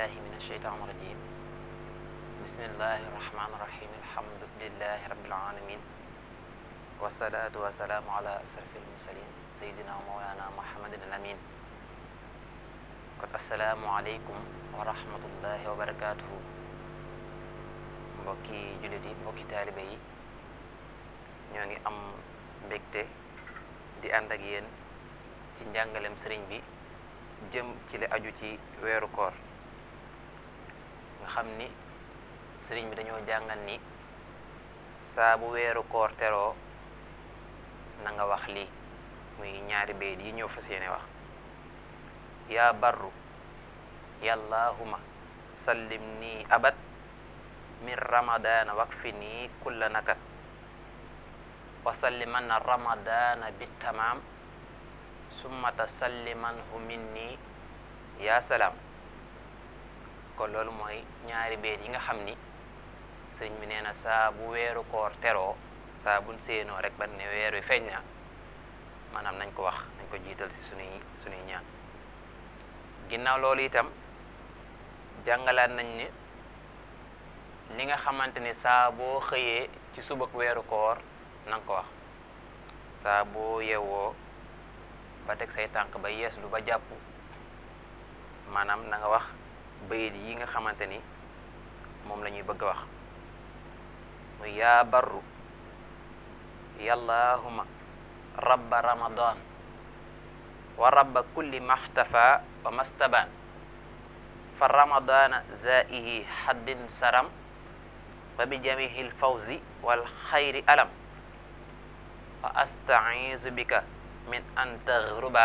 بالله من الشيطان الرجيم بسم الله الرحمن الرحيم الحمد لله رب العالمين والصلاة والسلام على أشرف المرسلين سيدنا مولانا محمد الأمين السلام عليكم ورحمة الله وبركاته بكي جلدي بكي تالبي نيوني أم بكتي دي am mbégte di ànd ak yéen ci njàngalem sëriñ bi jëm nga xam ni sëriñ bi dañoo jàngal ni saa bu weeru koor teroo na nga wax lii muy ñaari bayit yi ñëw fas yéene wax ya barru yallahuma ya sallim ni abad min Ramadan wakfi ni kulla nakat وسلمن رمضان بالتمام summa تسلمنه ni ya salam ko lol moy ñaari beet yi nga xamni señ mi neena sa bu wéru koor téro sa buñ séenoo rek ban né wéru feñña manam nañ ko wax nañ ko jital si suni sunuy ñaan ginnaw lol itam jàngalaat nañ ni li nga xamanteni sa bo xeyé xëyee ci subak wéru koor nanga ko wax sa bo yewo ba tek say tank ba lu ba japp manam na nga wax بيد ييغا خامتاني موم لا نيي بڬ واخ يا بر يا اللهم رب رمضان ورب كل ما احتفى وما استبان فرمضان زائه حد سرم وبجميع الفوز والخير ألم وأستعيذ بك من أن تغرب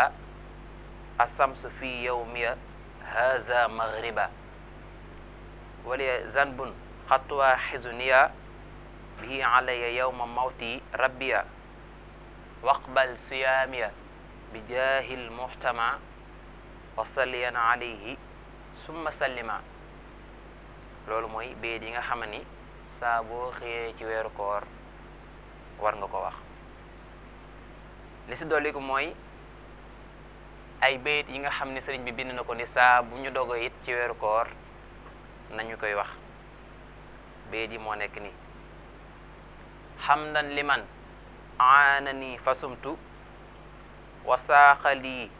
الشمس في يومي haza maghriba wala zanbun xatwa xizuniya bihi alaya yowma mawti rabbiya waqbal siyaamiya bi jaahil muxtama wasalliyan alayhi summa sallima loolu mooy béyit yi nga xam ni saa boo xëyee ci weeru koor war nga ko wax li si dolli ko mooy ay bayit yi nga xam ne sëriñ bi bind na ko ni saa bu ñu dogo it ci weeru koor nañu koy wax bayit yi moo nekk ni xamdan liman aanani fasumtu wa saaxali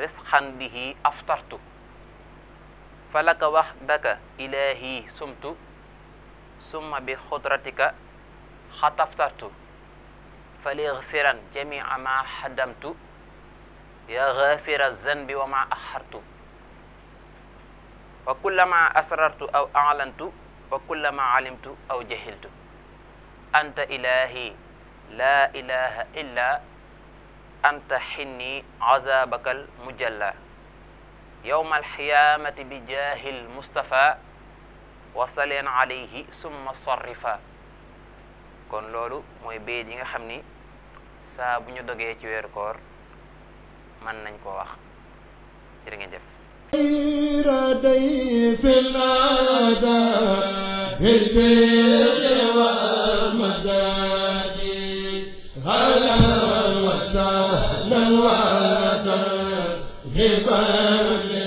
risqan bihi aftartu falaka waxdaka ilahi sumtu summa bi xudratika xataftartu falixfiran jamia ma xadamtu يا غافر الذنب وما أحرت وكلما أسررت أو أعلنت وكلما علمت أو جهلت أنت إلهي لا إله إلا أنت حني عذابك المجلى يوم الحيامة بجاه المصطفى وصل عليه ثم صرفا كون لولو موي bayit yi nga xam ni saa bu ñu dogee mën nañ koo wax jërë ngeen jëf ردي في الأداء البيع والمداد هلا وسهلا وترحبا